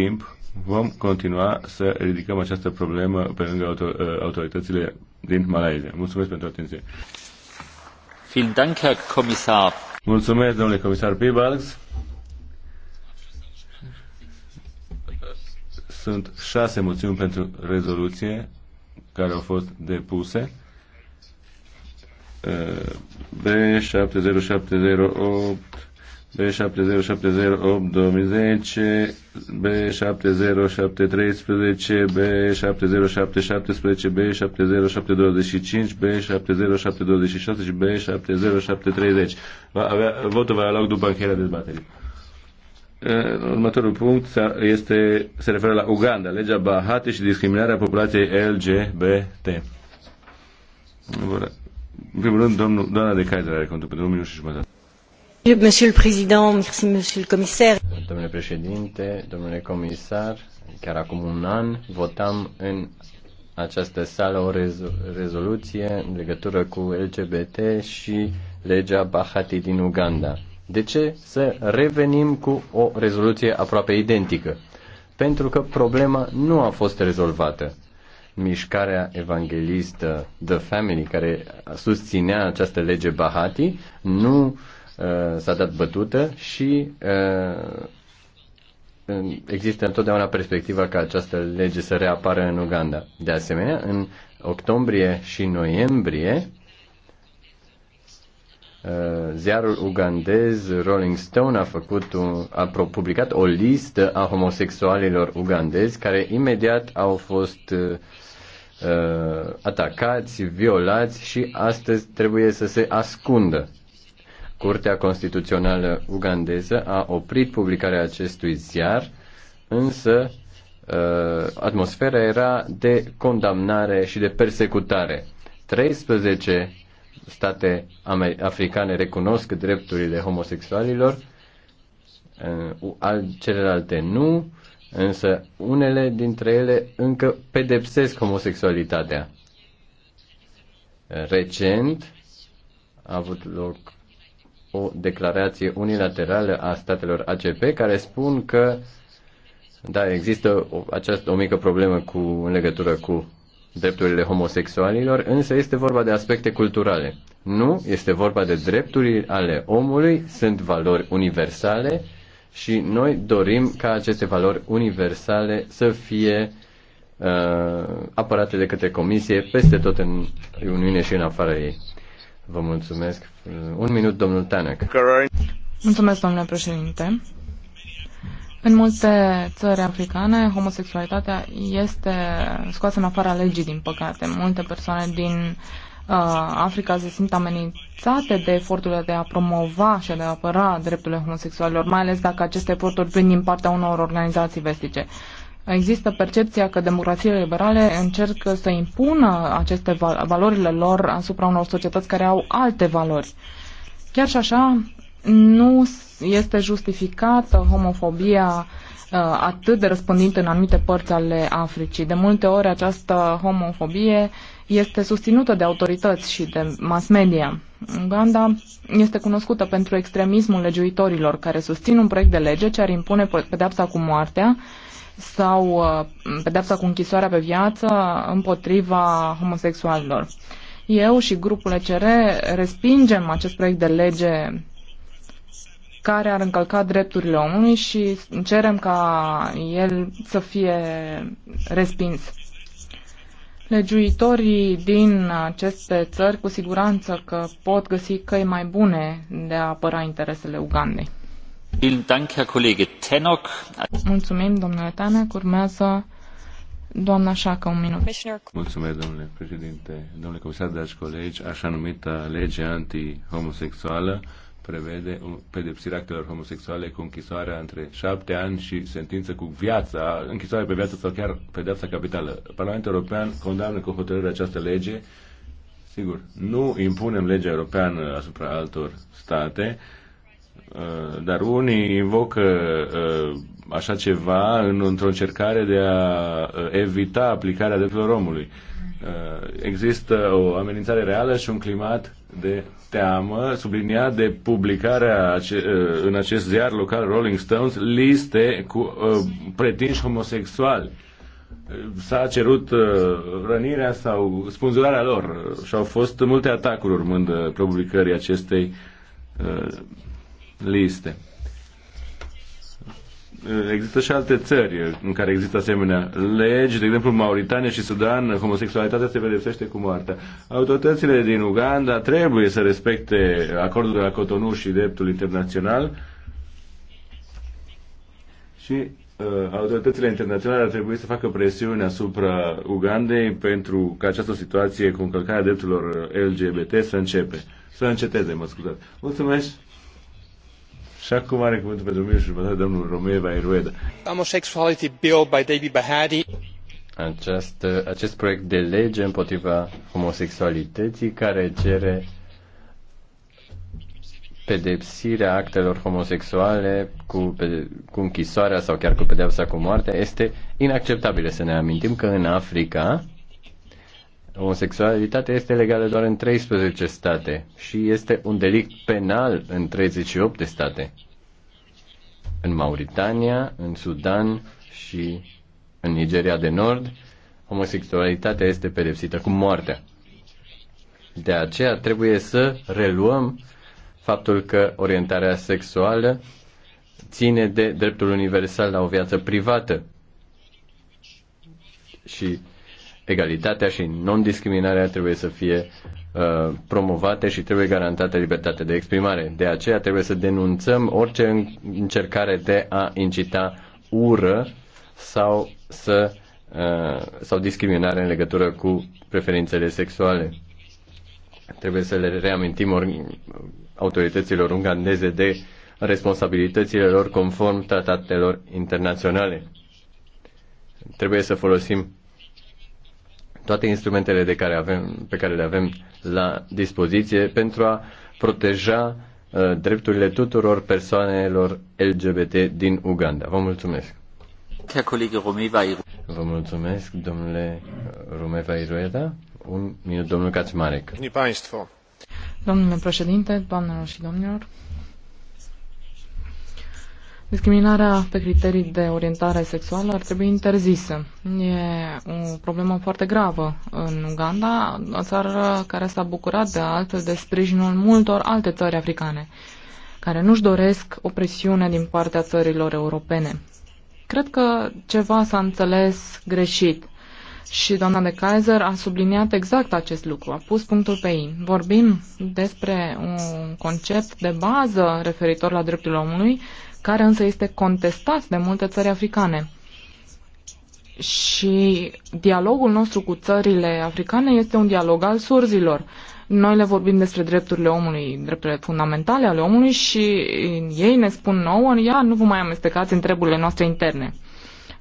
timp vom continua să ridicăm această problemă pe lângă auto, uh, autoritățile din Malaysia. Mulțumesc pentru atenție. Vielen Dank, Herr Kommissar. Mulțumesc, domnule comisar Pibalgs. Sunt șase moțiuni pentru rezoluție care au fost depuse. Uh, B7070 B7078 2010, B70713, B70717, B70725, B70726 și B70730. Va avea, votul va avea loc după încheierea dezbaterii. Următorul punct este, se referă la Uganda, legea Bahate și discriminarea populației LGBT. În primul rând, domnul, doamna de Kaiser are contul pentru un minut și jumătate. Domnule președinte, domnule comisar, chiar acum un an votam în această sală o rezo- rezoluție în legătură cu LGBT și legea Bahati din Uganda. De ce să revenim cu o rezoluție aproape identică? Pentru că problema nu a fost rezolvată. Mișcarea evanghelistă The Family, care susținea această lege Bahati, nu Uh, s-a dat bătută și uh, există întotdeauna perspectiva ca această lege să reapară în Uganda. De asemenea, în octombrie și noiembrie, uh, ziarul ugandez Rolling Stone a, făcut un, a publicat o listă a homosexualilor ugandezi care imediat au fost uh, atacați, violați și astăzi trebuie să se ascundă. Curtea Constituțională Ugandeză a oprit publicarea acestui ziar, însă uh, atmosfera era de condamnare și de persecutare. 13 state africane recunosc drepturile homosexualilor, uh, al celelalte nu, însă unele dintre ele încă pedepsesc homosexualitatea. Recent a avut loc o declarație unilaterală a statelor ACP care spun că da, există o, această, o mică problemă cu, în legătură cu drepturile homosexualilor, însă este vorba de aspecte culturale. Nu, este vorba de drepturi ale omului, sunt valori universale și noi dorim ca aceste valori universale să fie uh, apărate de către Comisie peste tot în Uniune și în afara ei. Vă mulțumesc. Un minut, domnul Tanek. Mulțumesc, domnule președinte. În multe țări africane, homosexualitatea este scoasă în afara legii, din păcate. Multe persoane din uh, Africa se simt amenințate de eforturile de a promova și de a apăra drepturile homosexualilor, mai ales dacă aceste eforturi vin din partea unor organizații vestice. Există percepția că democrațiile liberale încercă să impună aceste val- valorile lor asupra unor societăți care au alte valori. Chiar și așa, nu este justificată homofobia uh, atât de răspândită în anumite părți ale Africii. De multe ori această homofobie este susținută de autorități și de mass media. Uganda este cunoscută pentru extremismul legiuitorilor care susțin un proiect de lege ce ar impune pedepsa cu moartea sau uh, pedepsa cu închisoarea pe viață împotriva homosexualilor. Eu și grupul ECR respingem acest proiect de lege care ar încălca drepturile omului și cerem ca el să fie respins. Legiuitorii din aceste țări cu siguranță că pot găsi căi mai bune de a apăra interesele Ugandei. Mulțumim, domnule Tanec. Urmează doamna Șacă, un minut. Mulțumesc, domnule președinte, domnule comisar, dragi colegi, așa numită lege anti-homosexuală prevede pedepsirea actelor homosexuale cu închisoarea între șapte ani și sentință cu viața, închisoare pe viață sau chiar pedepsa capitală. Parlamentul European condamnă cu hotărâre această lege. Sigur, nu impunem legea europeană asupra altor state, Eh, dar unii invocă eh, așa ceva într-o încercare de a eh, evita aplicarea drepturilor omului. Există o amenințare reală și un climat de teamă subliniat de publicarea în acest ziar local Rolling Stones liste cu pretinși homosexuali. S-a cerut rănirea sau spânzurarea lor și au fost multe atacuri urmând publicării acestei liste. Există și alte țări în care există asemenea legi, de exemplu Mauritania și Sudan, homosexualitatea se pedepsește cu moartea. Autoritățile din Uganda trebuie să respecte acordul de la Cotonou și dreptul internațional și uh, autoritățile internaționale ar trebui să facă presiune asupra Ugandei pentru ca această situație cu încălcarea drepturilor LGBT să începe, să înceteze, mă scuzați. Mulțumesc! Și acum are cuvântul pentru mine și jumătate domnul Romeva Irueda. Homosexuality bill by David Bahadi. Acest, acest proiect de lege împotriva homosexualității care cere pedepsirea actelor homosexuale cu, pe, cu închisoarea sau chiar cu pedeapsa cu moartea este inacceptabilă. Să ne amintim că în Africa Homosexualitatea este legală doar în 13 state și este un delict penal în 38 de state. În Mauritania, în Sudan și în Nigeria de Nord, homosexualitatea este pedepsită cu moartea. De aceea trebuie să reluăm faptul că orientarea sexuală ține de dreptul universal la o viață privată. Și egalitatea și non-discriminarea trebuie să fie uh, promovate și trebuie garantată libertatea de exprimare. De aceea trebuie să denunțăm orice încercare de a incita ură sau să uh, sau discriminare în legătură cu preferințele sexuale. Trebuie să le reamintim or- autorităților ungandeze de responsabilitățile lor conform tratatelor internaționale. Trebuie să folosim toate instrumentele de care avem, pe care le avem la dispoziție pentru a proteja uh, drepturile tuturor persoanelor LGBT din Uganda. Vă mulțumesc! Vă mulțumesc, domnule uh, Rumeva Irueda. Un minut, domnul Kaczmarek. Domnule președinte, doamnelor și domnilor, Discriminarea pe criterii de orientare sexuală ar trebui interzisă. E o problemă foarte gravă în Uganda, o țară care s-a bucurat de altfel de sprijinul multor alte țări africane, care nu-și doresc o presiune din partea țărilor europene. Cred că ceva s-a înțeles greșit și doamna de Kaiser a subliniat exact acest lucru, a pus punctul pe ei. Vorbim despre un concept de bază referitor la dreptul omului, care însă este contestat de multe țări africane. Și dialogul nostru cu țările africane este un dialog al surzilor. Noi le vorbim despre drepturile omului, drepturile fundamentale ale omului și ei ne spun nouă, ia, nu vă mai amestecați în treburile noastre interne.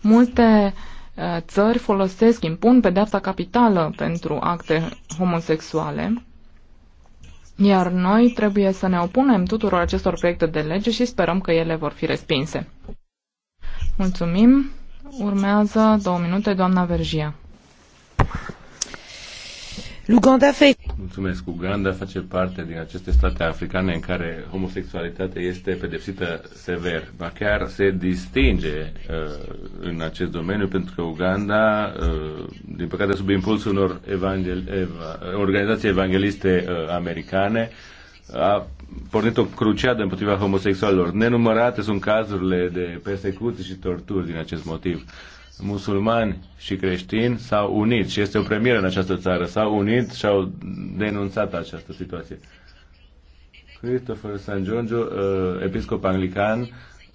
Multe uh, țări folosesc, impun pedeapsa capitală pentru acte homosexuale iar noi trebuie să ne opunem tuturor acestor proiecte de lege și sperăm că ele vor fi respinse. Mulțumim. Urmează două minute, doamna Vergia. Luganda face... Mulțumesc. Uganda face parte din aceste state africane în care homosexualitatea este pedepsită sever. Ba chiar se distinge uh, în acest domeniu pentru că Uganda, uh, din păcate sub impulsul unor evangel- eva- organizații evangeliste uh, americane, a pornit o cruciadă împotriva homosexualilor. Nenumărate sunt cazurile de persecuții și torturi din acest motiv musulmani și creștini s-au unit și este o premieră în această țară, s-au unit și au denunțat această situație. Christopher San Giorgio, uh, episcop anglican,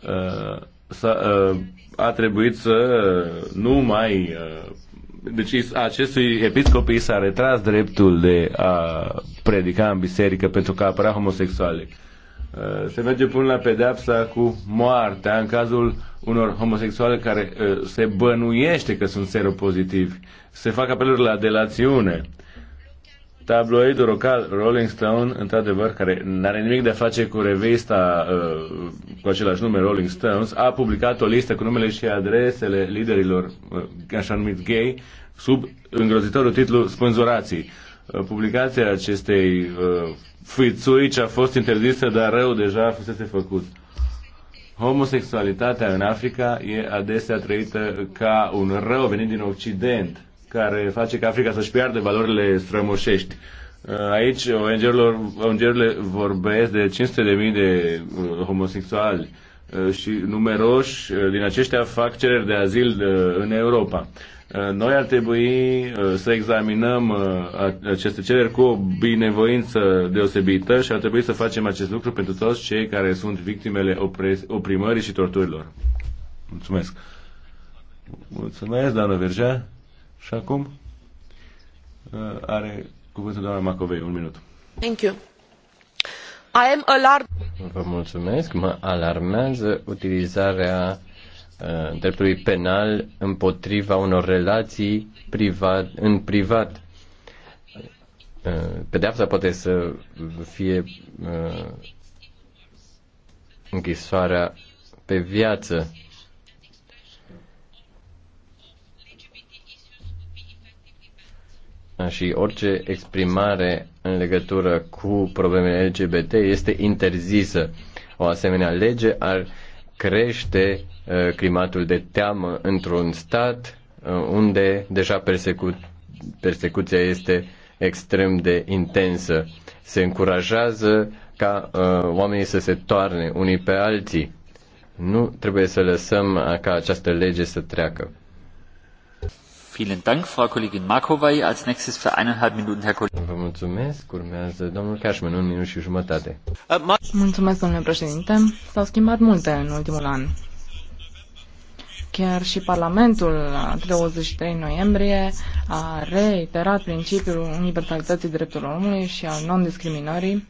uh, uh, a trebuit să nu mai uh, deci acestui episcop i s-a retras dreptul de a predica în biserică pentru că apărea homosexuale. Uh, se merge până la pedeapsa cu moartea în cazul unor homosexuale care uh, se bănuiește că sunt seropozitivi. Se fac apeluri la delațiune. Tabloidul local Rolling Stone, într-adevăr, care n-are nimic de a face cu revista uh, cu același nume Rolling Stones, a publicat o listă cu numele și adresele liderilor, uh, așa numit gay, sub îngrozitorul titlu Spânzurații publicația acestei uh, ce a fost interzisă, dar rău deja fusese făcut. Homosexualitatea în Africa e adesea trăită ca un rău venit din Occident, care face ca Africa să-și piardă valorile strămoșești. Uh, aici ONG-urile vorbesc de 500.000 de uh, homosexuali și numeroși din aceștia fac cereri de azil în Europa. Uh, noi ar trebui uh, să examinăm uh, aceste cereri cu o binevoință deosebită și ar trebui să facem acest lucru pentru toți cei care sunt victimele oprimării și torturilor. Mulțumesc. Mulțumesc, doamnă Vergea. Și acum are cuvântul doamna Macovei. Un minut. Thank you. I am alarmed. Vă mulțumesc. Mă alarmează utilizarea Uh, dreptului penal împotriva unor relații privat, în privat. Uh, pedeapsa poate să fie uh, închisoarea pe viață. Și orice exprimare în legătură cu problemele LGBT este interzisă. O asemenea lege ar uh, crește uh, climatul de teamă într-un stat uh, unde deja persecu- persecuția este extrem de intensă. Se încurajează ca uh, oamenii să se toarne unii pe alții. Nu trebuie să lăsăm uh, ca această lege să treacă. Vă mulțumesc. Urmează domnul Cashman, un minut și jumătate. Uh, mulțumesc, domnule președinte. S-au schimbat multe în ultimul an. Chiar și Parlamentul, 23 noiembrie, a reiterat principiul universalității drepturilor omului și al non-discriminării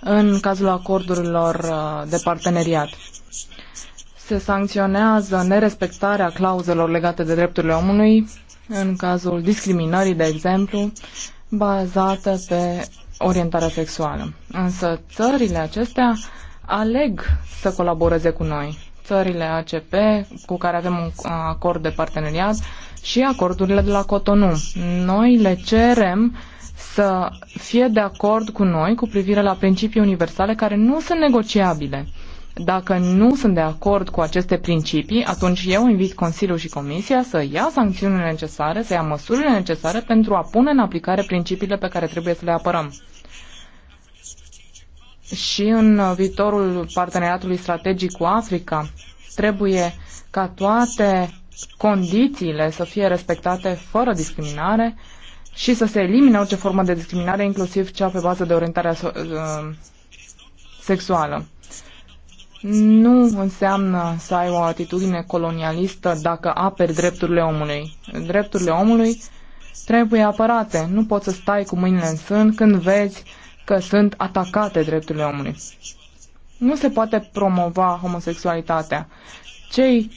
în cazul acordurilor uh, de parteneriat se sancționează nerespectarea clauzelor legate de drepturile omului, în cazul discriminării, de exemplu, bazată pe orientarea sexuală. Însă țările acestea aleg să colaboreze cu noi. Țările ACP, cu care avem un acord de parteneriat, și acordurile de la Cotonou. Noi le cerem să fie de acord cu noi cu privire la principii universale care nu sunt negociabile. Dacă nu sunt de acord cu aceste principii, atunci eu invit Consiliul și Comisia să ia sancțiunile necesare, să ia măsurile necesare pentru a pune în aplicare principiile pe care trebuie să le apărăm. Și în viitorul parteneriatului strategic cu Africa, trebuie ca toate condițiile să fie respectate fără discriminare și să se elimine orice formă de discriminare, inclusiv cea pe bază de orientare ă, sexuală nu înseamnă să ai o atitudine colonialistă dacă aperi drepturile omului. Drepturile omului trebuie apărate. Nu poți să stai cu mâinile în sân când vezi că sunt atacate drepturile omului. Nu se poate promova homosexualitatea. Cei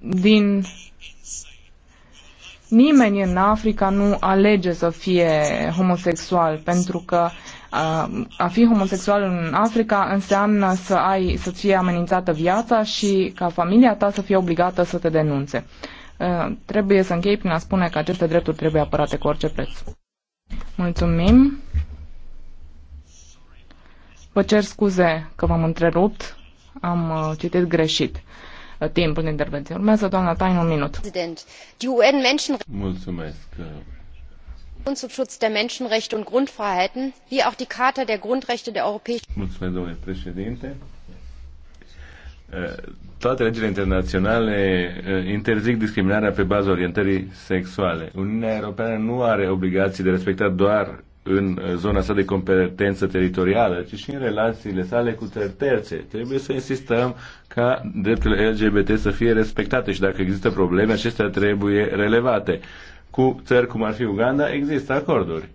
din Nimeni în Africa nu alege să fie homosexual, pentru că a fi homosexual în Africa înseamnă să ai, să fie amenințată viața și ca familia ta să fie obligată să te denunțe. Trebuie să închei prin a spune că aceste drepturi trebuie apărate cu orice preț. Mulțumim. Vă cer scuze că v-am întrerupt. Am uh, citit greșit timpul de intervenție. Urmează doamna Tain un minut. Mulțumesc. Und zum Schutz der Menschenrechte und Grundfreiheiten, wie auch die Charta der Grundrechte der Europäischen Mulțumesc, domnule președinte toate legile internaționale interzic discriminarea pe bază orientării sexuale. Uniunea Europeană nu are obligații de respectat doar în uh, zona sa de competență teritorială, ci și în relațiile sale cu terțe. Trebuie să insistăm ca drepturile LGBT să fie respectate și dacă există probleme, acestea trebuie relevate. Cu țări cum ar fi Uganda, există acorduri.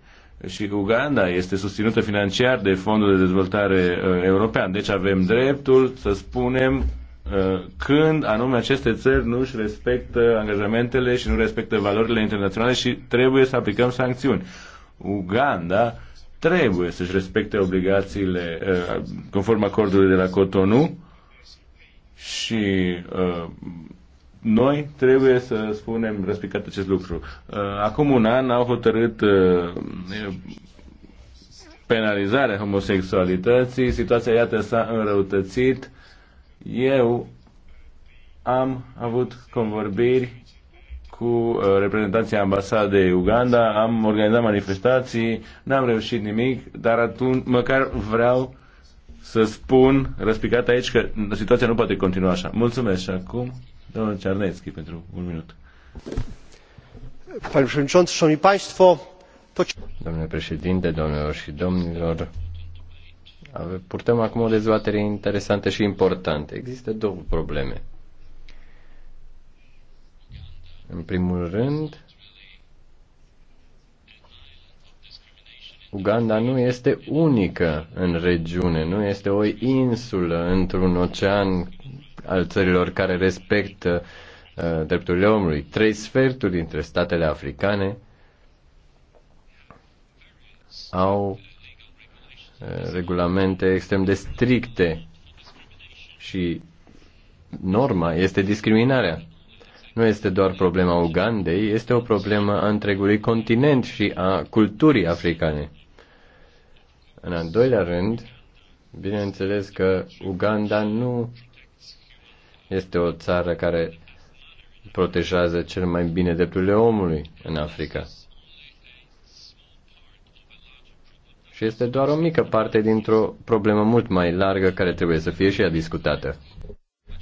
Și Uganda este susținută financiar de Fondul de Dezvoltare uh, European. Deci avem dreptul să spunem uh, când anume aceste țări nu își respectă angajamentele și nu respectă valorile internaționale și trebuie să aplicăm sancțiuni. Uganda trebuie să-și respecte obligațiile eh, conform acordului de la Cotonou și eh, noi trebuie să spunem respectat acest lucru. Eh, acum un an au hotărât penalizarea homosexualității, situația iată s-a înrăutățit. Eu am avut convorbiri cu uh, reprezentanții ambasadei Uganda, am organizat manifestații, n-am reușit nimic, dar atunci măcar vreau să spun răspicat aici că situația nu poate continua așa. Mulțumesc și acum, domnul Cernețchi, pentru un minut. Domnule președinte, domnilor și domnilor, purtăm acum o dezbatere interesantă și importantă. Există două probleme în primul rând, Uganda nu este unică în regiune, nu este o insulă într-un ocean al țărilor care respectă uh, drepturile omului. Trei sferturi dintre statele africane au uh, regulamente extrem de stricte și norma este discriminarea. Nu este doar problema Ugandei, este o problemă a întregului continent și a culturii africane. În al doilea rând, bineînțeles că Uganda nu este o țară care protejează cel mai bine drepturile omului în Africa. Și este doar o mică parte dintr-o problemă mult mai largă care trebuie să fie și ea discutată.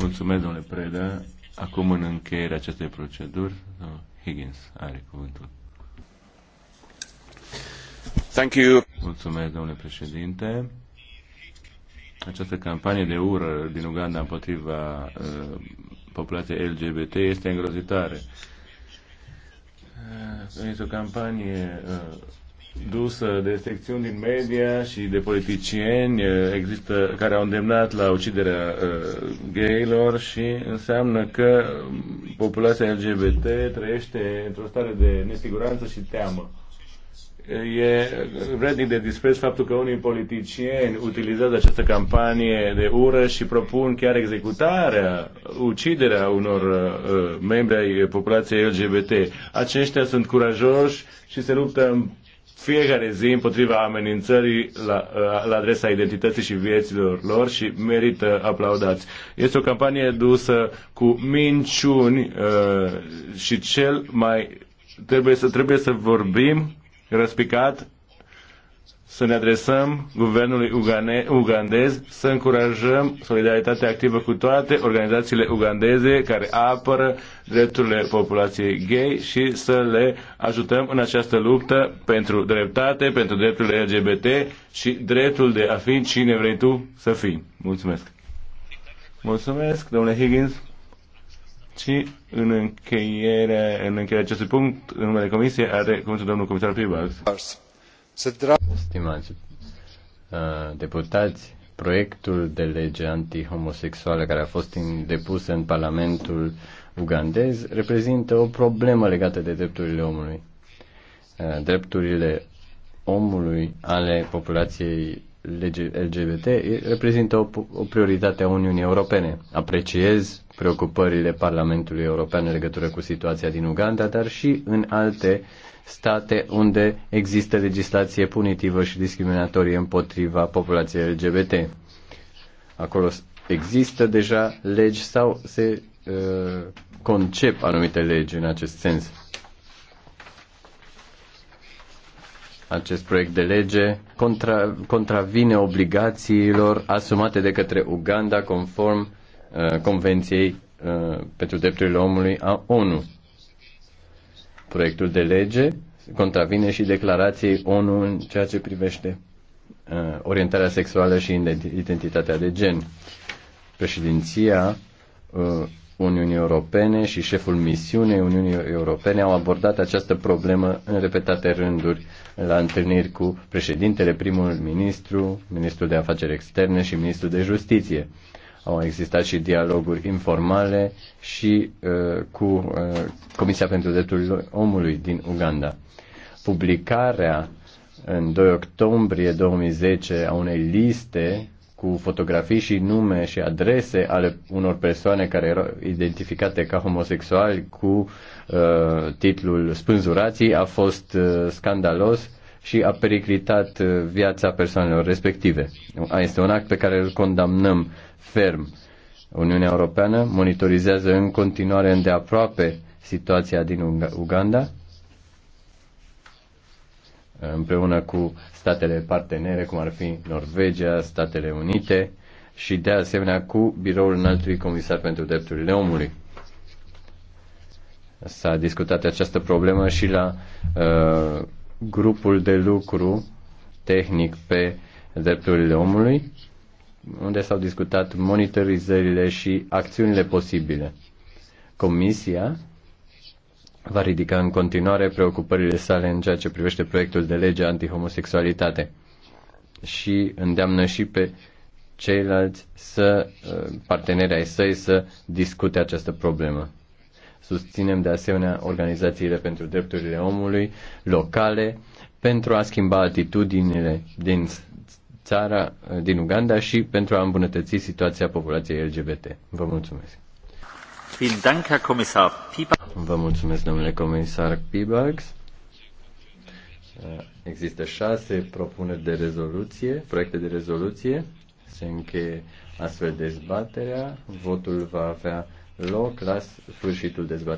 Mulțumesc, domnule Preda. Acum, în încheierea acestei proceduri, Higgins are cuvântul. Thank you. Mulțumesc, domnule președinte. Această campanie de ură din Uganda împotriva uh, populației LGBT este îngrozitoare. Uh, este o campanie uh, dusă de secțiuni din media și de politicieni eh, există, care au îndemnat la uciderea uh, eh, gaylor și înseamnă că populația LGBT trăiește într-o stare de nesiguranță și teamă. Eh, e vrednic de dispreț faptul că unii politicieni utilizează această campanie de ură și propun chiar executarea, uciderea unor uh, membri ai populației LGBT. Aceștia sunt curajoși și se luptă fiecare zi împotriva amenințării la, la adresa identității și vieților lor și merită aplaudați. Este o campanie dusă cu minciuni uh, și cel mai trebuie să, trebuie să vorbim răspicat să ne adresăm guvernului ugandez, să încurajăm solidaritatea activă cu toate organizațiile ugandeze care apără drepturile populației gay și să le ajutăm în această luptă pentru dreptate, pentru drepturile LGBT și dreptul de a fi cine vrei tu să fii. Mulțumesc! Mulțumesc, domnule Higgins! Și în încheiere, în încheierea acestui punct, în numele Comisiei, are cuvântul domnul comisar Pibax. Stimați uh, deputați, proiectul de lege antihomosexuală care a fost depus în Parlamentul ugandez reprezintă o problemă legată de drepturile omului. Uh, drepturile omului ale populației LGBT reprezintă o, o prioritate a Uniunii Europene. Apreciez preocupările Parlamentului European în legătură cu situația din Uganda, dar și în alte state unde există legislație punitivă și discriminatorie împotriva populației LGBT. Acolo există deja legi sau se uh, concep anumite legi în acest sens. Acest proiect de lege contra, contravine obligațiilor asumate de către Uganda conform uh, Convenției uh, pentru drepturile omului a ONU. Proiectul de lege contravine și declarației ONU în ceea ce privește uh, orientarea sexuală și identitatea de gen. Președinția uh, Uniunii Europene și șeful misiunii Uniunii Europene au abordat această problemă în repetate rânduri la întâlniri cu președintele, primul ministru, ministrul de afaceri externe și ministrul de justiție. Au existat și dialoguri informale și uh, cu uh, Comisia pentru Drepturile Omului din Uganda. Publicarea în 2 octombrie 2010 a unei liste cu fotografii și nume și adrese ale unor persoane care erau identificate ca homosexuali cu uh, titlul spânzurații a fost uh, scandalos și a periclitat uh, viața persoanelor respective. Este un act pe care îl condamnăm ferm. Uniunea Europeană monitorizează în continuare îndeaproape situația din Uganda împreună cu statele partenere, cum ar fi Norvegia, Statele Unite și de asemenea cu biroul înaltului comisar pentru drepturile omului. S-a discutat această problemă și la uh, grupul de lucru tehnic pe drepturile omului, unde s-au discutat monitorizările și acțiunile posibile. Comisia va ridica în continuare preocupările sale în ceea ce privește proiectul de lege antihomosexualitate și îndeamnă și pe ceilalți să, uh, partenerii ai săi să discute această problemă. Susținem de asemenea organizațiile pentru drepturile omului locale pentru a schimba atitudinile din țara, uh, din Uganda și pentru a îmbunătăți situația populației LGBT. Vă mulțumesc! Vă mulțumesc, domnule comisar Pibax. Există șase propuneri de rezoluție, proiecte de rezoluție. Se încheie astfel dezbaterea. Votul va avea loc la sfârșitul dezbaterii.